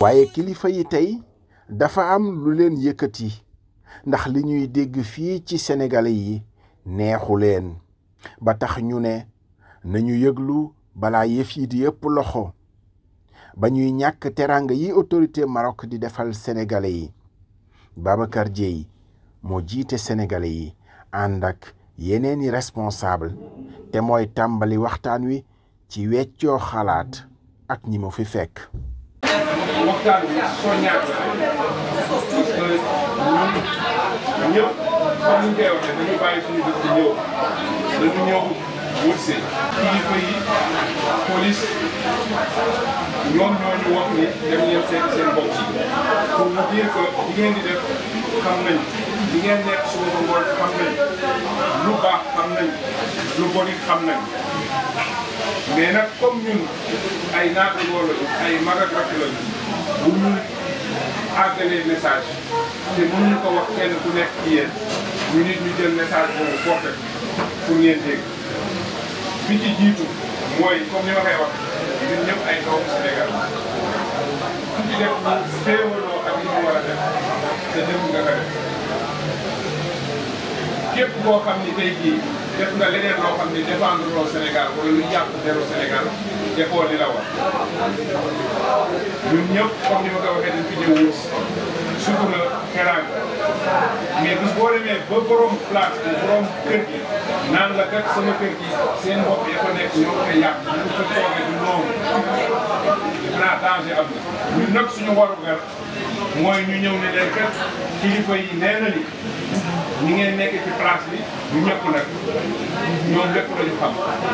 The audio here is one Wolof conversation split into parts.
waaye kilifa yi tey dafa am lu leen yëkkati ndax li ñuy dégg fii ci sénégalais yi neexu leen ba tax ñu ne nañu yëglu balaa yëf yi di yëpp loxo ba ñuy ñàkk terang yi autorité marok di defal senegale yi Babacar Dièye moo jiite sénégalais yi ànd ak yeneen responsable te mooy tàmbali waxtaan wi ci weccoo xalaat ak ñi mu fi fekk waxtaan bi soññaat la parce que ñun ñëpp comme ni ñu koy waxee dañu bàyyi suñu dëkk ñëw dañu ñëw wëtse kilifa yi police ñoom ñoo ñu wax ni dem seen seen bopp yi pour vous dire que ngeen di def xam nañ li ngeen nekk suba ba xam nañ lu baax xam nañ lu bon xam nañ mais nag comme ñun ay naata loolu ay mag ak lañu bu ñu àggalee message te mënuñu ko wax kenn ku nekk ci yéen ñu nit ñu jël message boobu porté pour ngeen dégg bi ci jiitu mooy comme ni ma koy wax ñun ñëpp ay doomu Sénégal ku ci def féewaloo ak li ñu war a def te def nga ko def képp koo xam ni tey jii def nga leneen loo xam ne défendre loo Sénégal wala lu yàq deru Sénégal defoo li la war ñun ñëpp comme ni ma ko waxee dañ fi ñëw wut sutura teraanga mais bis boo demee ba borom place bi borom kër gi naan la kat sama kër gi seen bopp ya fa nekk ñoo koy yàq ñu ko toogee du noonu naa danger am na ñun nag suñu warugar mooy ñu ñëw ne leen kat kilifa yi nee na li ñi ngeen nekk ci place bi ñu ñëpp nag ñoom lépp lañu xam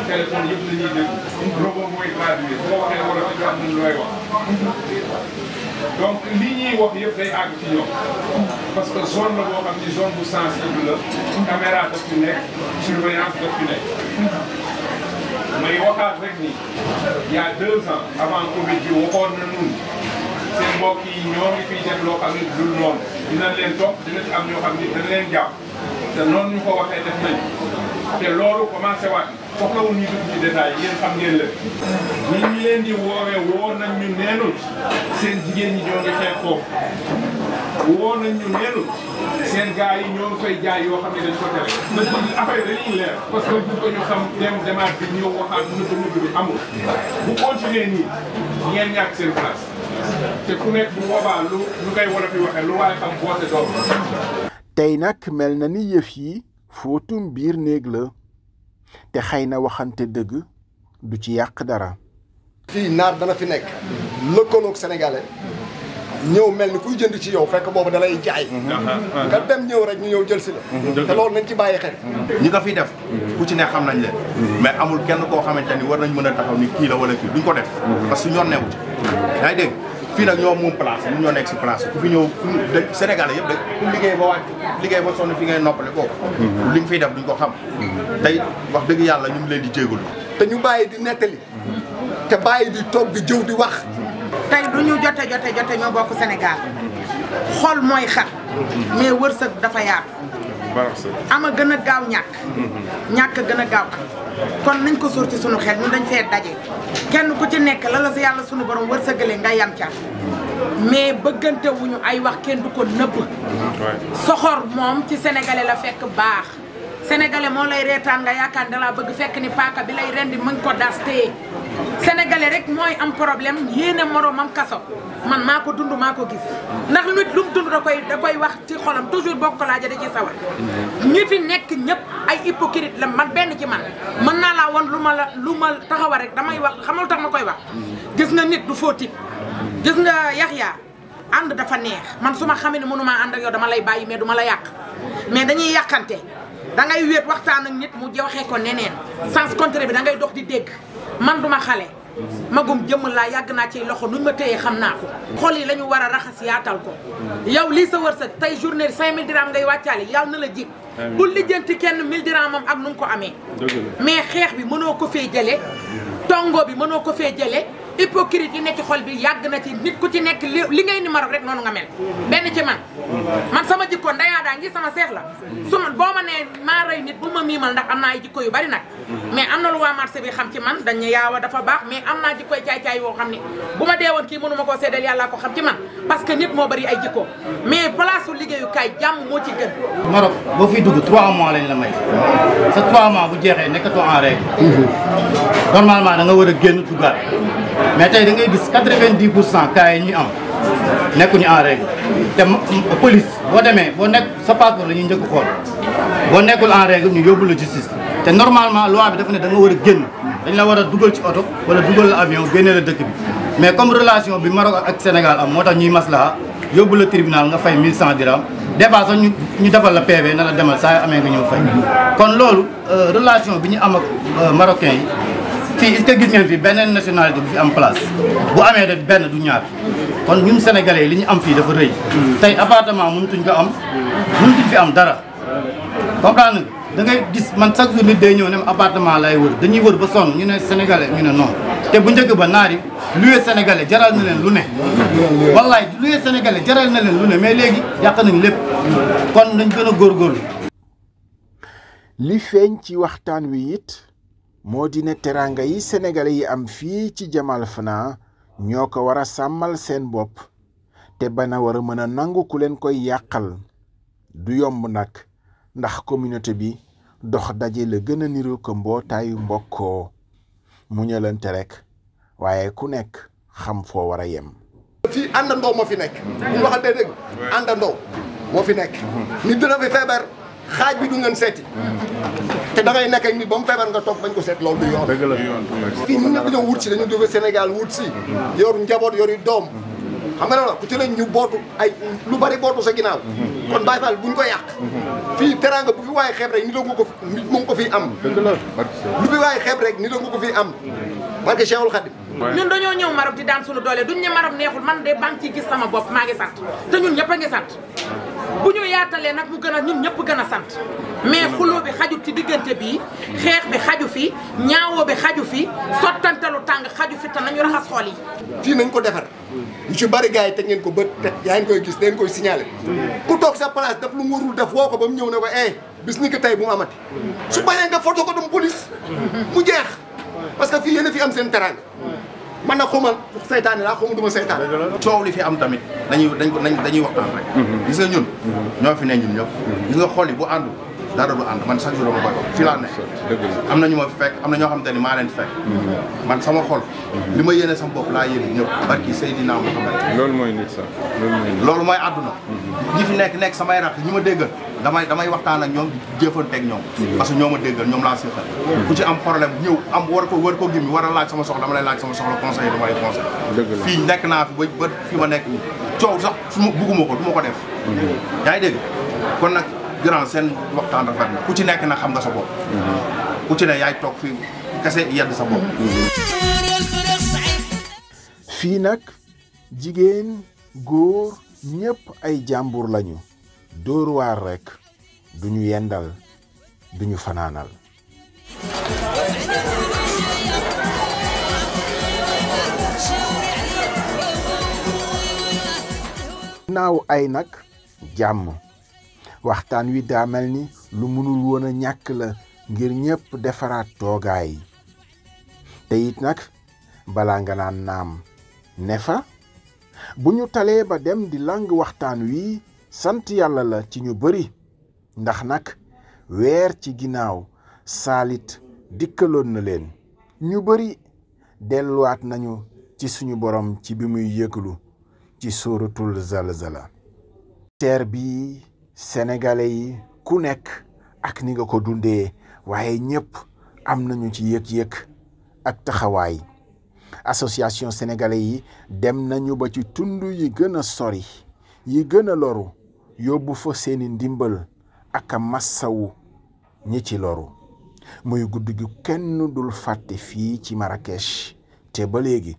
téléphone yëpp la ñuy dégg robot mooy traduire boo waxee wala fi xam nañ looy wax donc lii ñuy wax yëpp day àgg ci ñoom parce que zone la boo xam ni zone bu sensible la caméra daf fi nekk surveillance daf fi may waxaat rek ni il y a deux ans na nun seen mbokk yi ñoo i fiy def loo xam ne dul noonu dinañ leen topp dina ci am ñoo xam ne dina leen jàpp te noonu ñu ko waxee def nañ te loolu commencé waat soxlawul ñu dugg ci détail yéen xam ngeen la ñi ñu leen woo nañ ñu seen jigéen ñi ñoo ngi woo nañ ñu seen gars yi ñoo fay jaay yoo xam ne dañ ko tere dañ ko affaire dañuy leer parce bu ko xam dem demaat bi ñëw waxaat mënut a mujj bi amul bu continuer nii ngeen seen place te ku nekk bu boobaa lu lu koy wolof yi waxee lu waaye xam boote doom tey nag mel na ni yëf yi fóotum biir néeg la te xëy na waxante dëgg du ci yàq dara. fii naar dana fi nekk lëkkaloog sénégalais ñëw mel ni kuy jënd ci yow fekk boobu da lay jaay. nga dem ñëw rek ñu ñëw jël si la. te loolu nañ ci bàyyi xel. ñi ko fiy def ku ci ne xam nañ leen. mais amul kenn koo xamante ni war nañ mën a taxaw ni kii la wala kii duñ ko def. Mm-hmm. parce que ñor newu dégg. fii nag ñoo moom place ñun ñoo nekk si place ku fi ñëw Sénégal yëpp de ku liggéey ba wàcc liggéey ba sonn fi ngay noppale ko mhm. li nga fiy def duñ ko xam mhm. tey wax dëgg yàlla ñu ngi leen di jéegalu te ñu bàyyi di nettali mhm. te bàyyi di toog di jëw di wax tey du ñu jote jote jote ñoo bokk Sénégal xol mooy xat mais wërsëg dafa yaatu ama gën a gaaw ñàkk ñàkk gën a gaaw kon nañ ko sóor ci sunu xel ñun dañ fee daje kenn ku ci nekk la la sa yàlla sunu borom war sa gëlee nga yam ca mais bëggante ay wax kenn du ko nëbb soxor moom ci sénégalais la fekk baax senegale moo lay reetaan nga yaakaar dalaa bëgg fekk ni paaka bi lay rendi mën ko das téye xamante rek mooy am problème yéene moroomam kaso man maa ko dund maa ko gis ndax nit lu mu dund da koy da koy wax ci xolam toujours boo ko laajee da ciy sawar ñi fi nekk ñëpp ay hypocrite la man benn ci man mën naa laa woon lu ma la lu ma taxawal rek damay wax xamal tax ma koy wax gis nga nit du fóotit gis nga Yaxya ànd dafa neex man su ma xamee ne mënumaa ànd ak yow dama lay bàyyi mais duma ma la yàq mais dañuy yàqante da ngay wéet waxtaan ak nit mu joxe ko neneen sens contraire bi da ngay dox di dégg man duma xale magum jëmm laa yàgg naa ci loxo nuñ ma téye xam naa ko xool yi la ñu war a raxas yaatal ko yow lii sa wërsëg tey journée cinq mille dirham ngay wàccaale yàlla na la jig bu lijjanti kenn mille dirham moom ak nu mu ko amee mais xeex bi mënoo ko fee jële tongo bi mënoo ko fee jële hypocrite yi nekk ci xol bi yàgg na ci nit ku ci nekk li ngay numéro rek noonu nga mel benn ci man man sama jikko ndayaa daa ngi sama seex la su ma boo ma nee maa rey nit bu ma miimal ndax am naa ay jikko yu bari nag mais am na lu waa marché bi xam ci man dañu yaawa dafa baax mais am naa jikkoy caay-caay yoo xam ne bu ma dee woon kii mënu ma koo seedeel yàlla ko xam ci man parce que nit moo bari ay jikko mais place u liggéeyukaay jàmm moo ci gën Maroc boo fiy dugg trois mois lañ la may sa trois mois bu jeexee nekkatoo en règle mhm. normalement da nga war a génn duggaat mais tey da ngay gis quatre-vingt-dix pour cent cas yi ñuy am nekkuñu en règle te police boo demee boo nekk sa passeport la njëkk xool boo nekkul en règle ñu yóbbu la te normalement loi bi dafa ne da nga war a génn dañ la war a dugal ci oto wala dugal la avion génne la dëkk bi mais comme relation bi Maroc ak Sénégal am moo tax ñuy maslaha yóbbu la tribunal nga fay 1100 dirham des fois ñu ñu defal la PV na la demal saa amee nga ñëw fay kon loolu euh, relation bi ñu am ak euh, marocain yi fii est-ce gis ngeen fii beneen nationalité bu fi am place bu amee rek benn du ñaar kon ñun sénégalais yi li ñu am fii dafa rëy tey apartement appartement mënutuñ ko am mënutuñ fi am dara comprendre nga da dangay gis man chaque jour nit day ñëw ne appartement lay wër dañuy wër ba sonn ñu ne sénégalais ñu ne non te bu njëkk ba naar yi luye jaral na leen lu ne wallaay luye jaral na leen lu ne mais léegi yàq nañ lépp kon nañ gën a góorgóorlu li feeñ ci waxtaan wi it moo di ne teraanga yi sénégalais yi am fii ci Jamal fanaa ñoo ko war a sàmmal seen bopp te bana war a mën a nangu ku leen koy yàqal du yomb nag ndax communauté bi dox daje la gën a niru ko mbootaayu mbokkoo mu muñalante rekk waaye ku nekk xam foo war a yem. fii àndandoo moo fi nekk. Mm-hmm. nit dina fi feebar. xaaj bi du ngeen seeti te da ngay nekk ak nit ba mu feebar nga toog bañ ko seet loolu du yoon fii ñun ñëpp dañoo wut si dañu jóge Sénégal wut si yoru njaboot yoru doom xam nga la ku ci lañ ñu bootu ay lu bari bootu sa ginnaaw kon Baye Fall buñ ko yàq fii teranga bu waaye xeeb rek ni nga ko nit fi am lu fi waaye xeeb rek ni da nga ko fi am parce que Cheikhul Khadim ñun dañoo ñëw Maroc di daan suñu doole duñ ne Maroc neexul man de banque ci gis sama bopp maa ngi sant te ñun ñëpp a ngi sat bu ñu yaatalee nag mu gën a ñun ñëpp gën a sant mais xuloo bi xaju ci diggante bi xeex bi xaju fi ñaawoo bi xaju fi sottantelu tàng xaju fi te nañu raxas xool yi. fii nañ ko defar ñu ci bari gars yi teg ngeen ko bët te yaa ngi koy gis leen koy signalé ku toog sa place daf lu mu def woo ko ba mu ñëw ne ko eh bis ni ko tey bu mu amati su bañee nga foto ko dem police mu jeex parce que fii yéen fi am seen teranga man nag xuma saytaane laa xuma duma saytaan coow li fi am tamit dañuy dañ ko dañuy waxtaan rek mhm. gis nga ñun mhm. ñoo fi ne ñun ñëpp mhm. gis nga xol bu àndul dara du ànd man chaque jour a koy wax fi laa ne am na ñu ma fekk am na ñoo xamante ni maa leen fekk mm-hmm. man sama xol mm-hmm. li ma yéene sama bopp laa yéene ñëpp barki mm-hmm. ma déggal damay damay waxtaan ak ñoom jëfanteeg ñoom parce que ñoo ma déggal ñoom laa seqal ku ci am problème ñëw am war ko war ko war a laaj sama soxla dama lay laaj sama soxla conseil damay conseil fii nekk naa fi ba ba fi ma nekk coow sax su ma bugguma ko du ma ko def yaa ngi dégg kon nag grand seen ci nekk na xam nga sa bopp fii nag jigéen góor ñépp ay jàmbur lañu dóor waar rekk duñu yendal duñu fanaanal naaw ay nag jàmm waxtaan wi daa mel ni lu mënul woon ñàkk la ngir ñépp defaraat toogaay te it nag bala nga naan naam ne fa bu ñu talee ba dem di lang waxtaan wi sant yàlla la ci ñu bari ndax nag weer ci ginnaaw saalit dikkaloon na leen ñu bari delluwaat nañu ci suñu boroom ci bi muy yëglu ci sóoratul zalzala teer bi sénégalais yi ku nekk ak ni nga ko dundee waaye ñëpp am nañu ci yëg-yëg ak taxawaay association sénégalais yi dem nañu ba ci tund yi gën a sori yi gën a loru yóbbu fa seeni ndimbal ak a massawu ñi ci loru muy guddi gi kenn dul fàtte fii ci Marrakech te ba léegi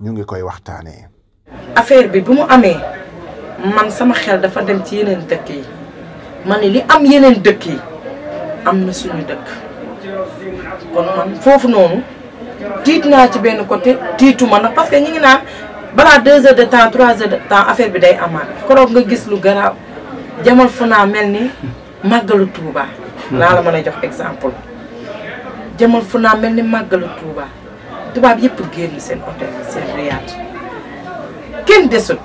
ñu ngi koy waxtaanee. affaire bi bu mu amee. man sama xel dafa dem ci yeneen dëkk yi man ne li am yeneen dëkk yi am na suñu dëkk kon man foofu noonu tiit naa ci benn côté tiitu ma nag parce que ñi ngi naan balaa deux de temps trois temps affaire bi day amaat koroog nga gis lu garaaw jamal fu naa mel ni màggalu Touba. naa la mën a jox exemple jamal fu naa mel ni màggalu Touba tubaab yëpp génn seen hôtel seen riyaat kenn desut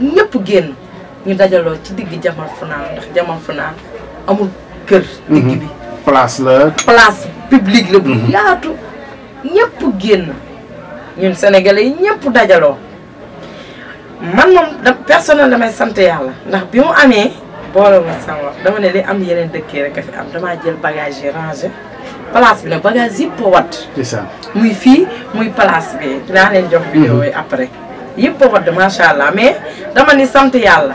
ñëpp génn ñu dajaloo ci digg Jamal Fanaan ndax Jamal Fanaan amul kër. digg mhm. bi place la. place publique la. Mhm. génn ñun sénégalais yi dajaloo man moom da personnel damay sant yàlla ndax bi mu amee. boole ma sama wax am yeneen dëkkee rek a am damaa jël bagage yi rangé place bi nag bagage yëpp muy fii muy place bi naa leen jox vidéo yi mhm. après. yépp a wadd macha allah mais dama ni sant yàlla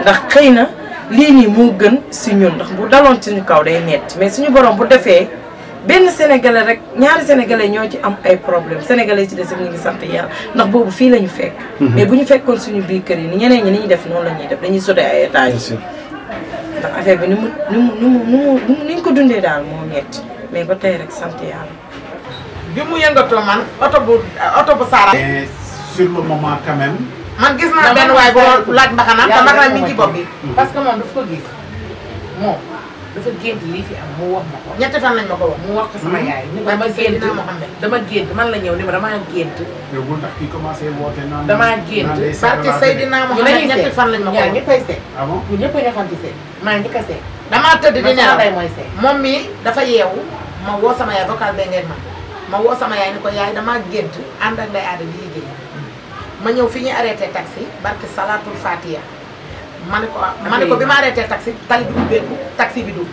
ndax xëy na lii nii moo gën si ñun ndax bu daloon suñu kaw day nett mais suñu borom bu defee benn sénégalais rek ñaari sénégalais ñoo ci am ay problème sénégalais ci des ñu ngi sant yàlla ndax boobu fii la ñu fekk. Mhm. mais bu ñu fekkoon suñu biir kër yi ni ñeneen ñi ni ñuy def noonu la ñuy def dañuy sote ay étages. ndax affaire bi nu mu ni mu ni mu ni ñu ko dundee daal moo metti mais ba tey rek sant yàlla. bi mu yëngatoo oto oto bu saara sur le moment man gis naa benn waaye boo laaj mbaxanaam te mbaxanaam mi ngi ci bopp bi. parce que moom daf ko gis moom dafa gént lii fi am mu wax ma ko. ñetti fan lañ ma ko wax mu wax ko sama hmm. yaay. dama gént man la ñëw ni ma damaa gént. yow bu ndax kii commencé woote naan. damaa gént barke Seydina Muhammad ñetti fan lañ ma ñëpp ah a xam maa ngi ko seet. damaa tëdd di nelaw moom mi dafa yeewu ma woo sama yaay vocal bee ngeen ma ma woo sama yaay ni ko yaay damaa gént ànd ak nday aada di liggéey ma ñëw fi ñuy arrêté taxi barke Salatul Fatiha. ma ne ko ah, ma ne ko bi ma arrêté taxi tali bi ubbeeku taxi bi dugg.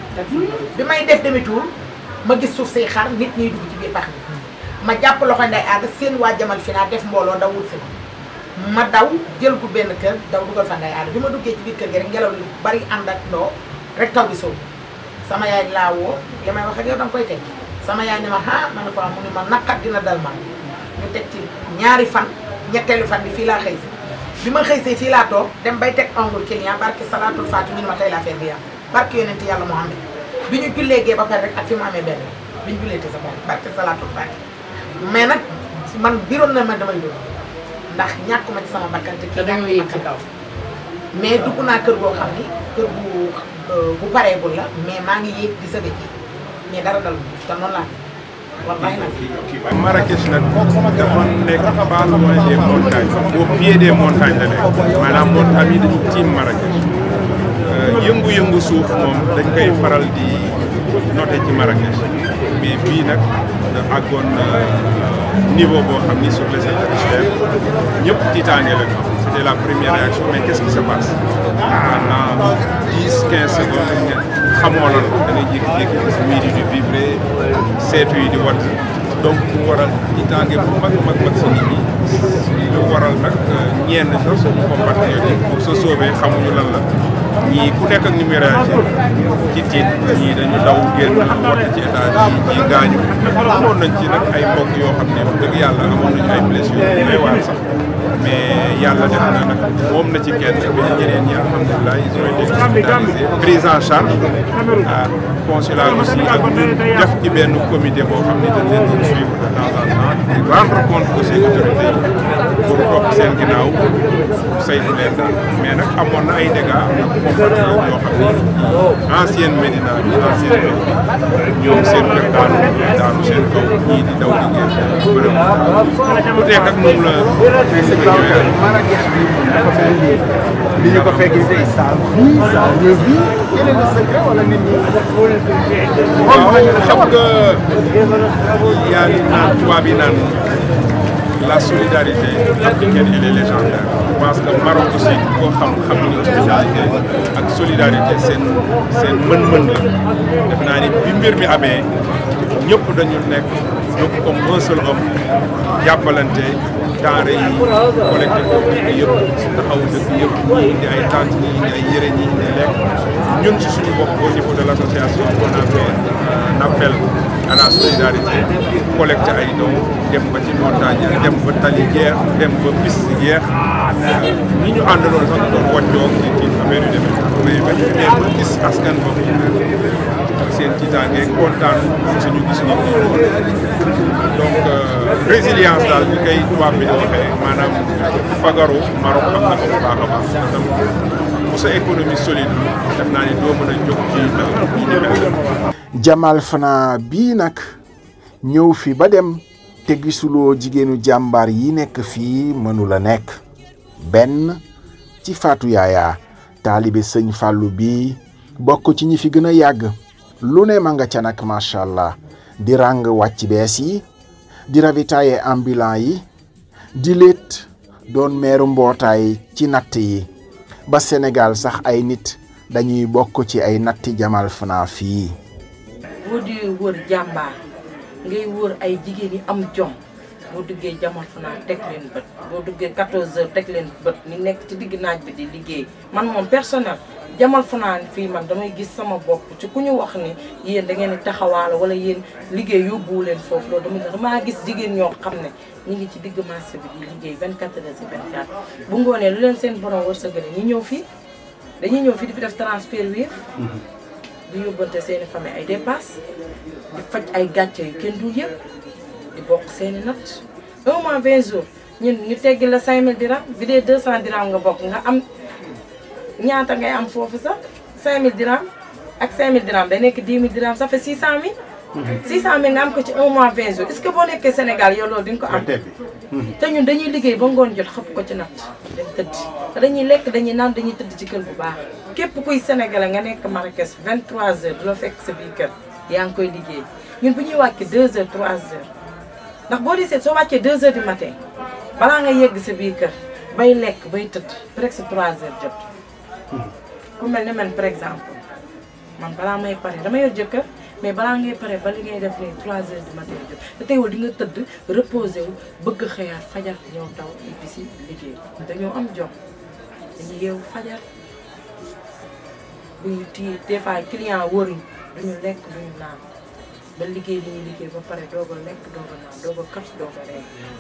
bi may def demi tour ma gis suuf say xar nit ñuy dugg ma jàpp loxo nday aada seen waa jamal fi naa def mbooloo daw wut si ma daw jël gu benn kër daw dugal fa nday aada bi ma duggee ci biir kër gi ngelaw li bari ànd ak rek taw sama yaay laa woo li may wax ak koy teg sama yaay ne ma ah, ma ne ko ah mu ne ma naqat dina dal ma ñu teg ci ñaari fan. ñetteelu fan bi fii laa xëy si bi ma xëy si fii laa toog dem bay teg ongle client barke salaatul faatu ñu ne ma tey la affaire bi yàqu barke yonent yàlla Muhammad bi ñu jullee gee ba pare rek ak fi mu amee benn bi ñu jullee te sa bopp barke salaatul faatu mais nag man biroon na man damay dóor ndax ñàkk ma ci sama bakkan te kii ñàkk ma ci kaw mais dugg naa kër goo xam ni kër bu bu euh, pareegul la mais maa ngi yéeg di sa dëkk mais dara dal te noonu Marrakech nag dafa nekk base monnaie des montagnes au pied des yi dañu tiim Marrakech euh, yëngu-yëngu suuf moom dañ koy faral di noté ci Marrakech mais bii nag àggoon na euh, niveau boo xam ni sur les atmosphères ñëpp tiitaange la ñu c'était la première réaction mais qu'est-ce qui se passe pendant dix quinze xamoo lan ko da ngay jékki-jékki gis miir yi di vibrer seetu yi di wadd donc mu waral itange bu mag mag mag si nit ñi lu waral nag euh, ñenn sax suñu comportement yooyu pour se xamuñu lan la ñii ku nekk ak ni muy ci tiit ñii dañu daw génn woote ci état nañ ci nag ay mbokk yoo xam ne wax dëgg yàlla amoon nañu ay blessures yu doy waar sax mais yàlla def na nag moom na ci kenn bi ñeneen ñi alhamdulilah ils en charge ah consulat aussi ak ñun def ci benn comité boo xam ne dañ leen di suivre de temps rendre compte aussi autorités pour topp seen ginnaaw saytu leen daal mais nag amoon na ay dégâts am na bombardement yoo xam ne ancienne Médina bi ancienne Médina ñoom seen kër daanu daanu seen kaw ñii di daw di génn bërëm daal ku nekk ak moom la. li ñu ko fekkee tey saal bii saal bii yeneen i secret wala nit ñi. waaw xam nga yaa ngi naan tubaab yi naan. la solidarité africaine elle est légendaire je pense que Maroc aussi koo xam xam ni hospitalité ak solidarité seen mën-mën la def naa ni bi mbir mi amee ñëpp dañu nekk donc comme un seul jàppalante denrée yi collecté ko dëkk yëpp taxaw dëkk yëpp ñi ay tente ñi ay yére ñi indi lekk ñun ci suñu bopp au niveau de l' association on à la solidarité collecte ay doom dem ba ci montagne dem ba tali jeex dem ba piste jeex ñi ñu àndaloon sax doon wàccoo ci ci affaire yu demee mais ba ñu dem ba gis askan boobu seen tiitaange kontaan suñu gis ñu ko donc euh, résilience daal ñu koy tubaab bi di maanaam fagaru Maroc am na ko bu baax a baax Jamal Fana bii nag ñëw fi ba dem te gisuloo jigéenu jàmbaar yi nekk fii mënula nekk benn ci Fatou Yaya taalibe sëñ Fallou bi bokk ci ñi fi gën a yàgg lu ne ma nga ca nag macha di ràng wàcc bees yi di ravitailler ambulant yi di léet doon meeru mbootaay ci natt yi ba Sénégal sax ay nit dañuy bokk ci ay natti Jamal Fana yi boo dee wër jàmbaar ngay wër ay jigéen am jom. boo duggee jamono fanaan teg leen bët boo duggee 14h teg leen bët ni nekk ci digg naaj bi di liggéey man moom personnel jamal fanaan fii man damay gis sama bopp ci ku ñu wax ni yéen da ngeen di taxawaal wala yéen liggéey yóbbuwu leen foofu loolu dama gis jigéen ñoo xam ne ñu ngi ci digg marché bi di liggéey vingt heures sur 24 bu ngoonee lu leen seen borom wërsëgale ñu ñëw fii dañuy ñëw fii di fi def transfert wéef di yóbbante seen i famille ay dépasse di ay gàcce yu kenn du yëpp di bokk seeni natt un mois vingt jours ñun ñu teggi la cinq mille dirham bi dee deux cent dirham nga bokk nga am ñaata ngay am foofu sax cinq mille dirham ak cinq mille dirham day nekk dix mille dirham ça fait six cent mille 600000 mhm. nga am ko ci un mois 20 jours est-ce que boo nekkee Sénégal yow loolu di ko am. Mhm. te ñun dañuy liggéey ba ngoon jot xëpp ko ci natt dañ tëdd. te dañuy lekk dañuy naan dañuy tëdd ci kër bu baax képp kuy sénégalais nga nekk Marrakech 23h du la fekk sa biir yaa ngi koy liggéey ñun bu ñuy wàcc 2h 3h ndax boo di seet soo wàccee 2 heures du matin balaa nga yegg sa biir kër bay lekk bay tëdd presque 3 heures jot. ne man par exemple man balaa may pare dama yor jëkkër mais balaa ngay pare ba li ngay def nii 3 heures du matin jot te teewul di nga tëdd reposé wu bëgg xëyaat fajar ñëw taw bi si liggéey dañoo am jox dañu yeewu fajar bu ñu téye des fois client wóoruñ duñu lekk duñu naan. ba liggéey bi ñuy liggéey ba pare doog a lekk doog a naan doog a kaf doog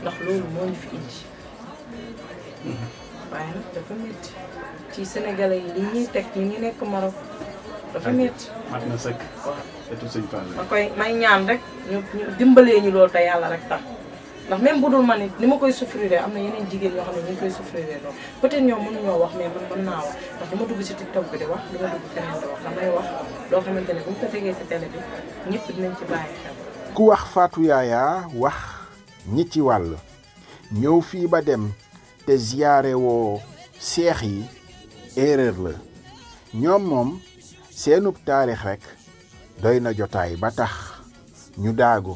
ndax loolu moo ñu fi indi mm-hmm. waaye nag dafa métti ci sénégalais yi li ñuy teg ñu ngi nekk Maroc dafa métti na sëkk waaw ma koy may ñaan rek ñu dimbalee ñu loolu te yàlla rek tax ndax wax mais man wax ku wax Fatou Yaya wax ñi ci wàll ñëw fii ba dem te ziyaare woo seex yi erreur la ñoom moom seenub taarix rekk doy na jotaay ba tax ñu daagu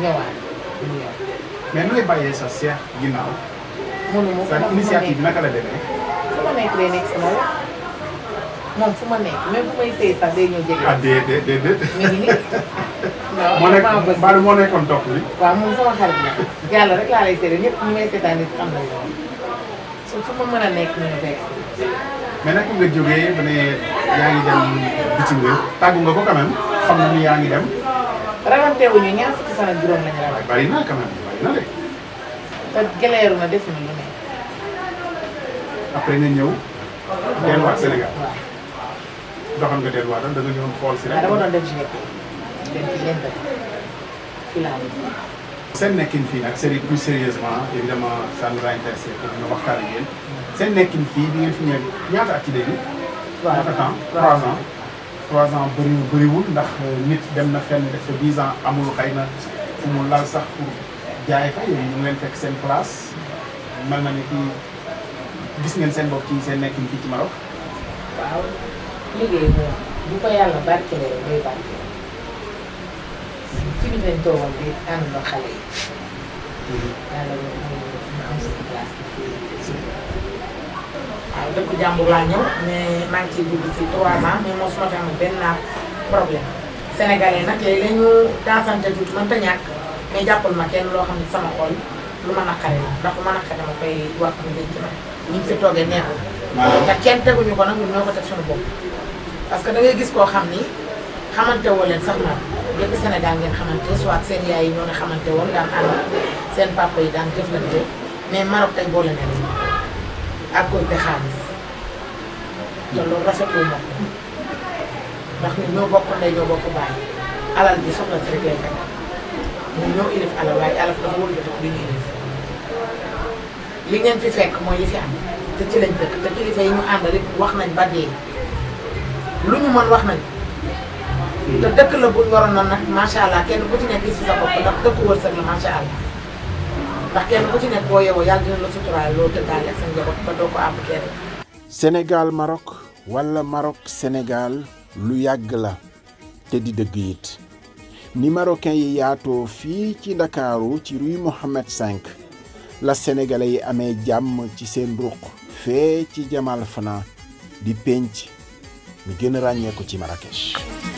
ñëwaat du ñëwaat. mais nooy bàyyee sa seex ginnaaw. mënu ma sa initiative naka la demee. fu ma nekk day nekk sama wér. moom fu ma nekk même fu may sëy sax day ñëw jege. ah déedéet déedéet. mi ngi nii. moo nekk Mbadou nekkoon topp bi. waaw moom sama xarit la. yàlla rek laa lay seede ñëpp ñu may seetaan nit am na lool. su fu ma mën a nekk ñu ngi mais naka nga jógee ba yaa ngi dem bitim réew ko quand même xam yaa ngi dem. rawante wuñu ñaar fukki fan ak juróom lañu rawante. bari na quand même bari na de. te gëleeru na def na lu ne. après nga ñëw. delluwaat Sénégal. doxal nga delluwaatal da nga ñëwoon xool si rek. dama doon def GIE. dem ci lépp fii laa seen nekkin fii nag c'est plus sérieusement évidemment ça nous a intéressé pour ñu waxtaan ak yéen. seen nekkin fii bi ngeen fi ñëwee ñaata at ci léegi. waaw ñaata temps trois ans. trois ans bëri ndax euh, nit dem na fenn def fa dix ans amul xëy na fu mu lal sax pour jaay fa yooyu ñu ngi fekk seen place mel na ni gis ngeen seen bopp ci seen nekkin fii ci Maroc. waaw liggéey moom bu ko yàlla barkelee day barkeel ci biir lañ toogal bi ànd na xale yi. Mm-hmm. yàlla moom waaw dëkk jàmbur laa ñëw mais maa ngi ciy dugg si 3 ans mais mosuma fi am benn problème. sénégalais nag léegi dañu daasante tuuti mënta ñàkk mais jàppal ma kenn loo xam ne sama xol lu ma naqare la ndax lu ma naqare ma koy wax ñu denc si ñu fi toogee neexul. waaw te kenn teguñu ko nag ñun ñoo ko teg suñu bopp. parce que da ngay gis koo xam ni xamante woo leen sax naan lépp Sénégal ngeen xamante soit seen yaay yi ñoo ne xamante woon daan ànd seen papa yi daan jëflante mais Maroc ak compter xaalis te hmm. loolu rafetlu ma ko ndax ñoo bokk ndey ñoo bokk bàyyi alal bi soxla si rek lay fekk ñun ñoo ilif alal waaye alal dafa wëlbatiku li ñuy def li ngeen fi fekk mooy yi fi am te ci lañ dëkk te kilifa yi ñu ànd rek wax nañ ba dee lu ñu mën wax nañ te dëkk la bu ñu waroon na nag macha allah kenn ku ci nekk si sa bopp ndax dëkk wërsëg la macha allah. ndax kenn ku ci nekk boo yeewoo yàlla la suturaal loo tëddaale ak sa ba doo ko am kenn. Sénégal Maroc wala Maroc Sénégal lu yàgg la te di dëgg it ni marocain yi yaatoo fii ci ndakaaru ci rue Mohammed la sénégalais yi amee jàmm ci seen ruq fee ci Jamal Fana di penc ñu gën a ràññeeku ci Marrakech.